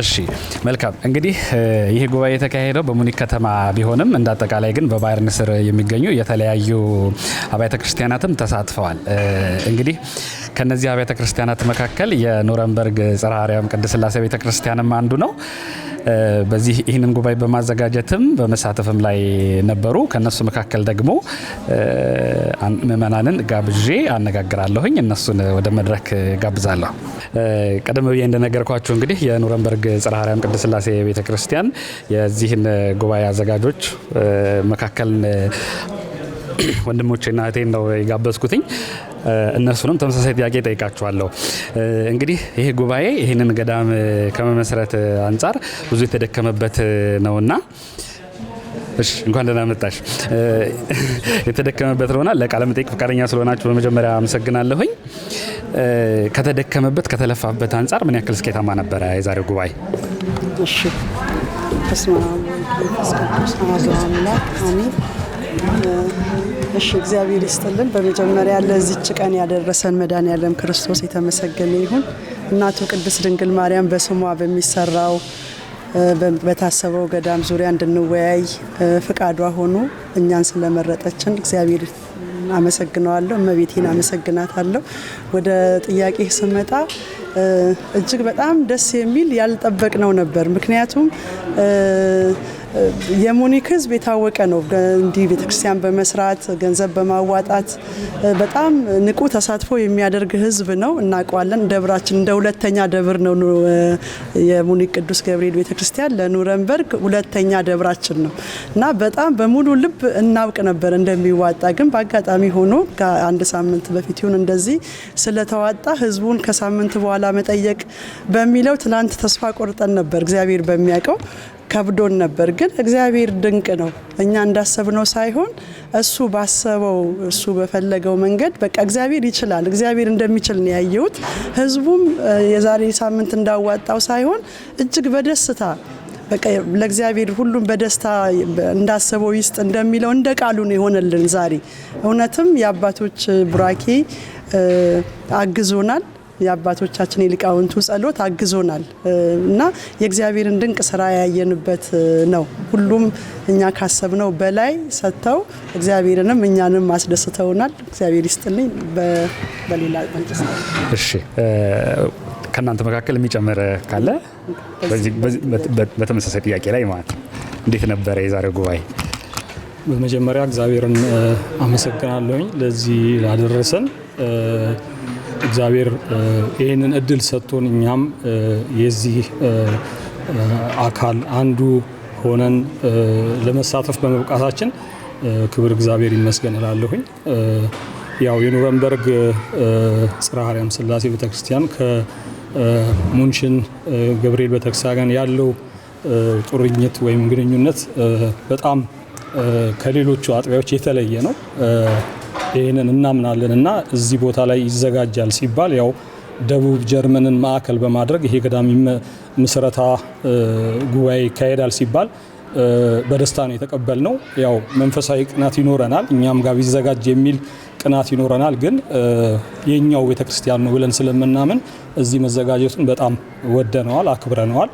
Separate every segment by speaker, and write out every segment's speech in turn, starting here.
Speaker 1: እሺ መልካም እንግዲህ ይህ ጉባኤ የተካሄደው በሙኒክ ከተማ ቢሆንም እንዳጠቃላይ ግን በባየርን ስር የሚገኙ የተለያዩ አብያተ ክርስቲያናትም ተሳትፈዋል። እንግዲህ ከነዚህ አብያተ ክርስቲያናት መካከል የኑረንበርግ ጽርሐ አርያም ቅድስት ቤተ ክርስቲያንም አንዱ ነው። በዚህ ይህንን ጉባኤ በማዘጋጀትም በመሳተፍም ላይ ነበሩ። ከነሱ መካከል ደግሞ ምእመናንን ጋብዤ አነጋግራለሁኝ። እነሱን ወደ መድረክ ጋብዛለሁ። ቀደም ብዬ እንደነገርኳችሁ እንግዲህ የኑረንበርግ ጽርሐ አርያም ቅድስት ሥላሴ ቤተ ክርስቲያን የዚህን ጉባኤ አዘጋጆች መካከል ወንድሞቼና እህቴን ነው የጋበዝኩትኝ። እነሱንም ተመሳሳይ ጥያቄ ጠይቃችኋለሁ። እንግዲህ ይሄ ጉባኤ ይህንን ገዳም ከመመስረት አንጻር ብዙ የተደከመበት ነውና እሺ እንኳን ደህና መጣሽ። የተደከመበት ነውና ለቃለ መጠይቅ ፈቃደኛ ስለሆናችሁ በመጀመሪያ አመሰግናለሁኝ። ከተደከመበት ከተለፋበት አንጻር ምን ያክል ስኬታማ ነበረ የዛሬው ጉባኤ?
Speaker 2: እሺ ስማ ስቅዱስ አሚን እሺ እግዚአብሔር ይስጥልን። በመጀመሪያ ለዚች ቀን ያደረሰን መድኃኔዓለም ክርስቶስ የተመሰገነ ይሁን። እናቱ ቅድስት ድንግል ማርያም በስሟ በሚሰራው በታሰበው ገዳም ዙሪያ እንድንወያይ ፍቃዷ ሆኖ እኛን ስለመረጠችን እግዚአብሔር አመሰግነዋለሁ። እመቤቴን አመሰግናታለሁ። ወደ ጥያቄ ስመጣ እጅግ በጣም ደስ የሚል ያልጠበቅ ነው ነበር። ምክንያቱም የሙኒክ ህዝብ የታወቀ ነው። እንዲህ ቤተክርስቲያን በመስራት ገንዘብ በማዋጣት በጣም ንቁ ተሳትፎ የሚያደርግ ህዝብ ነው፣ እናውቀዋለን። ደብራችን እንደ ሁለተኛ ደብር ነው። የሙኒክ ቅዱስ ገብርኤል ቤተክርስቲያን ለኑረንበርግ ሁለተኛ ደብራችን ነው እና በጣም በሙሉ ልብ እናውቅ ነበር እንደሚዋጣ። ግን በአጋጣሚ ሆኖ ከአንድ ሳምንት በፊት ይሁን እንደዚህ ስለተዋጣ ህዝቡን ከሳምንት በኋላ መጠየቅ በሚለው ትናንት ተስፋ ቆርጠን ነበር እግዚአብሔር በሚያውቀው ከብዶን ነበር። ግን እግዚአብሔር ድንቅ ነው። እኛ እንዳሰብነው ሳይሆን እሱ ባሰበው እሱ በፈለገው መንገድ በቃ እግዚአብሔር ይችላል። እግዚአብሔር እንደሚችል ነው ያየሁት። ህዝቡም የዛሬ ሳምንት እንዳዋጣው ሳይሆን እጅግ በደስታ በቃ ለእግዚአብሔር ሁሉም በደስታ እንዳሰበው ይስጥ እንደሚለው እንደ ቃሉ ነው የሆነልን። ዛሬ እውነትም የአባቶች ቡራኬ አግዞናል። የአባቶቻችን የሊቃውንቱ ጸሎት አግዞናል እና የእግዚአብሔርን ድንቅ ስራ ያየንበት ነው። ሁሉም እኛ ካሰብነው በላይ ሰጥተው እግዚአብሔርንም እኛንም አስደስተውናል። እግዚአብሔር ይስጥልኝ። በሌላ
Speaker 1: እሺ፣ ከእናንተ መካከል የሚጨምር ካለ በተመሳሳይ ጥያቄ ላይ ማለት ነው። እንዴት ነበረ የዛሬው ጉባኤ?
Speaker 3: በመጀመሪያ እግዚአብሔርን አመሰግናለሁኝ ለዚህ ላደረሰን እግዚአብሔር ይህንን እድል ሰጥቶን እኛም የዚህ አካል አንዱ ሆነን ለመሳተፍ በመብቃታችን ክብር እግዚአብሔር ይመስገን እላለሁኝ። ያው የኑረምበርግ ጽርሐ አርያም ስላሴ ቤተክርስቲያን ከሙንሽን ገብርኤል ቤተክርስቲያን ያለው ጡርኝት ወይም ግንኙነት በጣም ከሌሎቹ አጥቢያዎች የተለየ ነው። ይህንን እናምናለን እና እዚህ ቦታ ላይ ይዘጋጃል ሲባል ያው ደቡብ ጀርመንን ማዕከል በማድረግ ይሄ ገዳም ምስረታ ጉባኤ ይካሄዳል ሲባል በደስታ ነው የተቀበል ነው። ያው መንፈሳዊ ቅናት ይኖረናል፣ እኛም ጋር ቢዘጋጅ የሚል ቅናት ይኖረናል። ግን የኛው ቤተክርስቲያን ነው ብለን ስለምናምን እዚህ መዘጋጀቱን በጣም ወደነዋል፣ አክብረነዋል።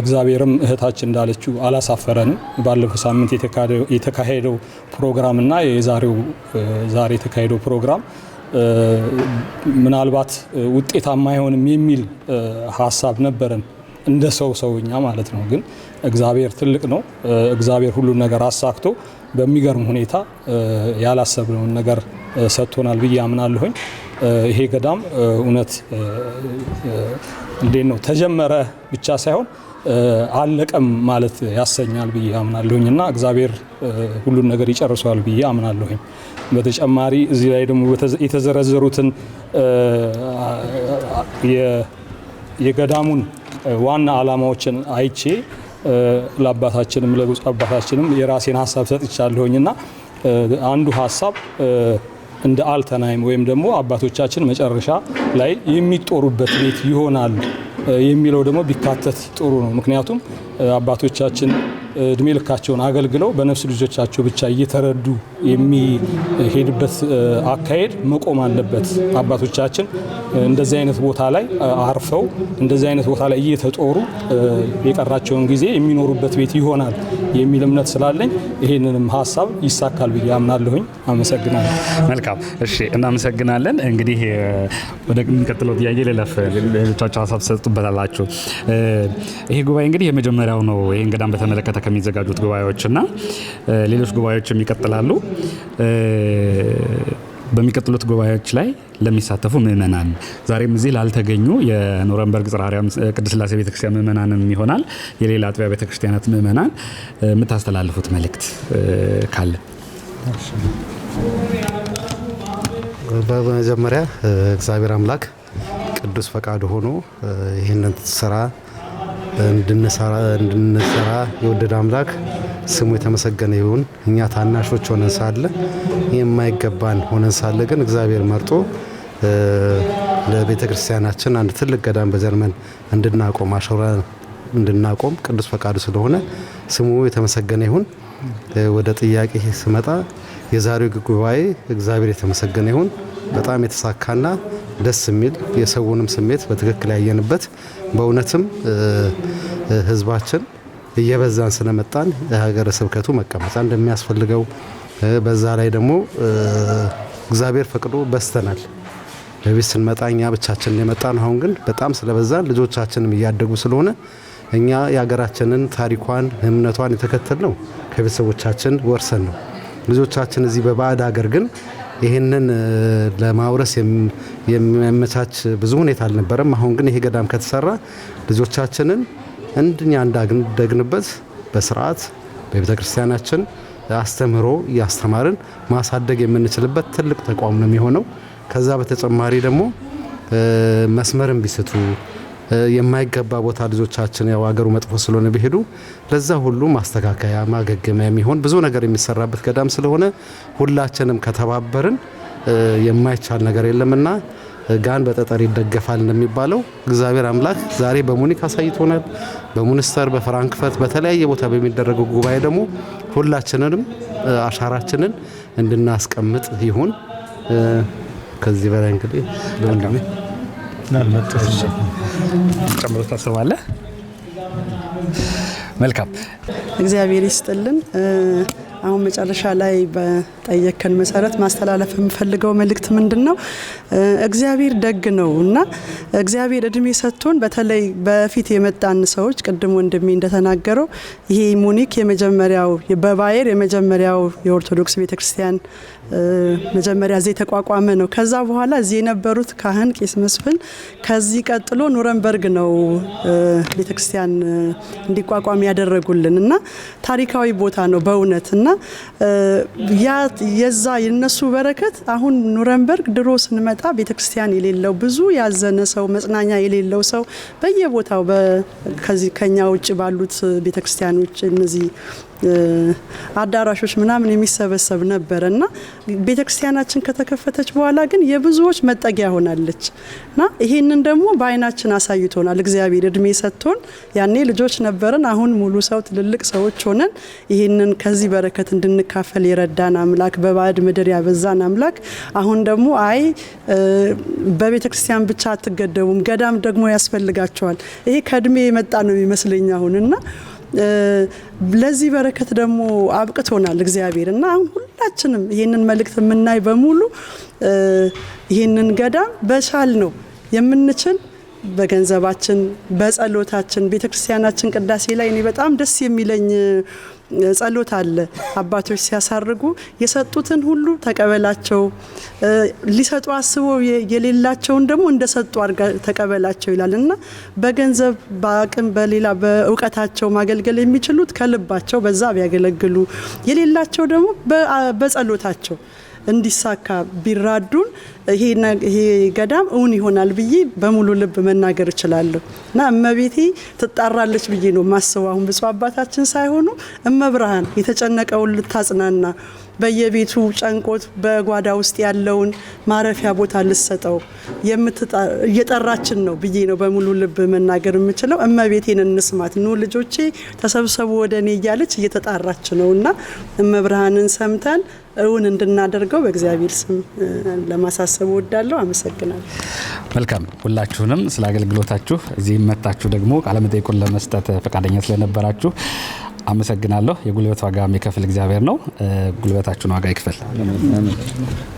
Speaker 3: እግዚአብሔርም እህታችን እንዳለችው አላሳፈረንም። ባለፈው ሳምንት የተካሄደው ፕሮግራምና የዛሬው ዛሬ የተካሄደው ፕሮግራም ምናልባት ውጤታማ አይሆንም የሚል ሀሳብ ነበረን እንደ ሰው ሰውኛ ማለት ነው። ግን እግዚአብሔር ትልቅ ነው። እግዚአብሔር ሁሉን ነገር አሳክቶ በሚገርም ሁኔታ ያላሰብነውን ነገር ሰጥቶናል ብዬ አምናለሁኝ። ይሄ ገዳም እውነት እንዴት ነው ተጀመረ ብቻ ሳይሆን አለቀም ማለት ያሰኛል ብዬ አምናለሁኝ እና እግዚአብሔር ሁሉን ነገር ይጨርሰዋል ብዬ አምናለሁኝ። በተጨማሪ እዚህ ላይ ደግሞ የተዘረዘሩትን የገዳሙን ዋና ዓላማዎችን አይቼ ለአባታችንም ለብፁዕ አባታችንም የራሴን ሀሳብ ሰጥቻለሁኝ እና አንዱ ሀሳብ እንደ አልተናይም ወይም ደግሞ አባቶቻችን መጨረሻ ላይ የሚጦሩበት ቤት ይሆናል የሚለው ደግሞ ቢካተት ጥሩ ነው። ምክንያቱም አባቶቻችን እድሜ ልካቸውን አገልግለው በነፍስ ልጆቻቸው ብቻ እየተረዱ የሚሄድበት አካሄድ መቆም አለበት። አባቶቻችን እንደዚህ አይነት ቦታ ላይ አርፈው እንደዚህ አይነት ቦታ ላይ እየተጦሩ የቀራቸውን ጊዜ የሚኖሩበት ቤት ይሆናል የሚል እምነት ስላለኝ ይህንንም ሀሳብ ይሳካል ብዬ አምናለሁኝ። አመሰግናለሁ።
Speaker 1: መልካም እሺ፣ እናመሰግናለን። እንግዲህ ሚቀጥለው ጥያቄ ልለፍ። ሌሎቻቸው ሀሳብ ትሰጡበታላችሁ። ይሄ ጉባኤ እንግዲህ የመጀመሪያው ነው። ይህ እንግዳን በተመለከተ ከሚዘጋጁት ጉባኤዎችና ሌሎች ጉባኤዎችም ይቀጥላሉ። በሚቀጥሉት ጉባኤዎች ላይ ለሚሳተፉ ምእመናን ዛሬም እዚህ ላልተገኙ የኑረንበርግ ጽርሐ አርያም ቅድስት ሥላሴ ቤተክርስቲያን ምእመናንም ይሆናል የሌላ አጥቢያ ቤተክርስቲያናት ምእመናን የምታስተላልፉት መልእክት ካለ?
Speaker 4: በመጀመሪያ እግዚአብሔር አምላክ ቅዱስ ፈቃድ ሆኖ ይህንን ስራ እንድንሰራ የወደደ አምላክ ስሙ የተመሰገነ ይሁን። እኛ ታናሾች ሆነን ሳለ ይህ የማይገባን ሆነን ሳለ ግን እግዚአብሔር መርጦ ለቤተ ክርስቲያናችን አንድ ትልቅ ገዳም በጀርመን እንድናቆም አሸራ እንድናቆም ቅዱስ ፈቃዱ ስለሆነ ስሙ የተመሰገነ ይሁን። ወደ ጥያቄ ስመጣ የዛሬው ጉባኤ እግዚአብሔር የተመሰገነ ይሁን በጣም የተሳካና ደስ የሚል የሰውንም ስሜት በትክክል ያየንበት በእውነትም ህዝባችን እየበዛን ስለመጣን የሀገረ ስብከቱ መቀመጫ እንደሚያስፈልገው በዛ ላይ ደግሞ እግዚአብሔር ፈቅዶ በስተናል። በቤት ስንመጣ እኛ ብቻችን የመጣን አሁን ግን በጣም ስለበዛን ልጆቻችንም እያደጉ ስለሆነ እኛ የሀገራችንን ታሪኳን እምነቷን የተከተልነው ከቤተሰቦቻችን ወርሰን ነው። ልጆቻችን እዚህ በባዕድ ሀገር ግን ይህንን ለማውረስ የሚያመቻች ብዙ ሁኔታ አልነበረም። አሁን ግን ይሄ ገዳም ከተሰራ ልጆቻችንን እንድኛ እንዳደግንበት በስርዓት በቤተ ክርስቲያናችን አስተምህሮ እያስተማርን ማሳደግ የምንችልበት ትልቅ ተቋም ነው የሚሆነው። ከዛ በተጨማሪ ደግሞ መስመርን ቢስቱ የማይገባ ቦታ ልጆቻችን ያው ሀገሩ መጥፎ ስለሆነ ቢሄዱ ለዛ ሁሉ ማስተካከያ ማገገሚያ የሚሆን ብዙ ነገር የሚሰራበት ገዳም ስለሆነ ሁላችንም ከተባበርን የማይቻል ነገር የለምና ጋን በጠጠር ይደገፋል እንደሚባለው እግዚአብሔር አምላክ ዛሬ በሙኒክ አሳይቶናል። በሙኒስተር፣ በፍራንክፈርት በተለያየ ቦታ በሚደረገው ጉባኤ ደግሞ ሁላችንንም አሻራችንን እንድናስቀምጥ ይሁን። ከዚህ በላይ እንግዲህ
Speaker 1: ጨምሮ ታስባለህ? መልካም
Speaker 2: እግዚአብሔር ይስጥልን። አሁን መጨረሻ ላይ በጠየከን መሰረት ማስተላለፍ የምፈልገው መልእክት ምንድን ነው? እግዚአብሔር ደግ ነው እና እግዚአብሔር እድሜ ሰጥቶን በተለይ በፊት የመጣን ሰዎች ቅድም ወንድሜ እንደተናገረው ይሄ ሙኒክ የመጀመሪያው በባየር የመጀመሪያው የኦርቶዶክስ ቤተክርስቲያን መጀመሪያ እዚህ የተቋቋመ ነው። ከዛ በኋላ እዚህ የነበሩት ካህን ቄስ መስፍን፣ ከዚህ ቀጥሎ ኑረንበርግ ነው ቤተክርስቲያን እንዲቋቋም ያደረጉልን እና ታሪካዊ ቦታ ነው በእውነት እና የዛ የነሱ በረከት አሁን ኑረንበርግ ድሮ ስንመጣ ቤተክርስቲያን የሌለው ብዙ ያዘነ ሰው መጽናኛ የሌለው ሰው በየቦታው ከኛ ውጭ ባሉት ቤተክርስቲያኖች እነዚህ አዳራሾች ምናምን የሚሰበሰብ ነበረ እና ቤተ ክርስቲያናችን ከተከፈተች በኋላ ግን የብዙዎች መጠጊያ ሆናለች እና ይህንን ደግሞ በአይናችን አሳይቶናል እግዚአብሔር እድሜ ሰጥቶን። ያኔ ልጆች ነበረን፣ አሁን ሙሉ ሰው ትልልቅ ሰዎች ሆነን ይህንን ከዚህ በረከት እንድንካፈል የረዳን አምላክ፣ በባዕድ ምድር ያበዛን አምላክ አሁን ደግሞ አይ በቤተ ክርስቲያን ብቻ አትገደቡም ገዳም ደግሞ ያስፈልጋቸዋል። ይሄ ከእድሜ የመጣ ነው ይመስለኝ አሁንና ለዚህ በረከት ደግሞ አብቅቶናል እግዚአብሔር እና አሁን ሁላችንም ይህንን መልእክት የምናይ በሙሉ ይህንን ገዳም በቻል ነው የምንችል በገንዘባችን፣ በጸሎታችን ቤተክርስቲያናችን ቅዳሴ ላይ እኔ በጣም ደስ የሚለኝ ጸሎት አለ። አባቶች ሲያሳርጉ የሰጡትን ሁሉ ተቀበላቸው፣ ሊሰጡ አስበው የሌላቸውን ደግሞ እንደሰጡ አድርጋ ተቀበላቸው ይላል እና በገንዘብ በአቅም በሌላ በእውቀታቸው ማገልገል የሚችሉት ከልባቸው በዛ ቢያገለግሉ፣ የሌላቸው ደግሞ በጸሎታቸው እንዲሳካ ቢራዱን ይሄ ገዳም እውን ይሆናል ብዬ በሙሉ ልብ መናገር እችላለሁ እና እመቤቴ ትጣራለች ብዬ ነው ማስበው። አሁን ብፁዕ አባታችን ሳይሆኑ እመብርሃን የተጨነቀውን ልታጽናና በየቤቱ ጨንቆት በጓዳ ውስጥ ያለውን ማረፊያ ቦታ ልሰጠው እየጠራችን ነው ብዬ ነው በሙሉ ልብ መናገር የምችለው። እመቤቴን እንስማት፣ ኑ ልጆቼ ተሰብሰቡ ወደ እኔ እያለች እየተጣራች ነው እና እመብርሃንን ሰምተን እውን እንድናደርገው በእግዚአብሔር ስም ለማሳሰብ ማሳሰብ እወዳለሁ። አመሰግናለሁ።
Speaker 1: መልካም ሁላችሁንም ስለ አገልግሎታችሁ እዚህ መታችሁ ደግሞ ቃለመጠይቁን ለመስጠት ፈቃደኛ ስለነበራችሁ አመሰግናለሁ። የጉልበት ዋጋ የሚከፍል እግዚአብሔር ነው። ጉልበታችሁን ዋጋ ይክፈል።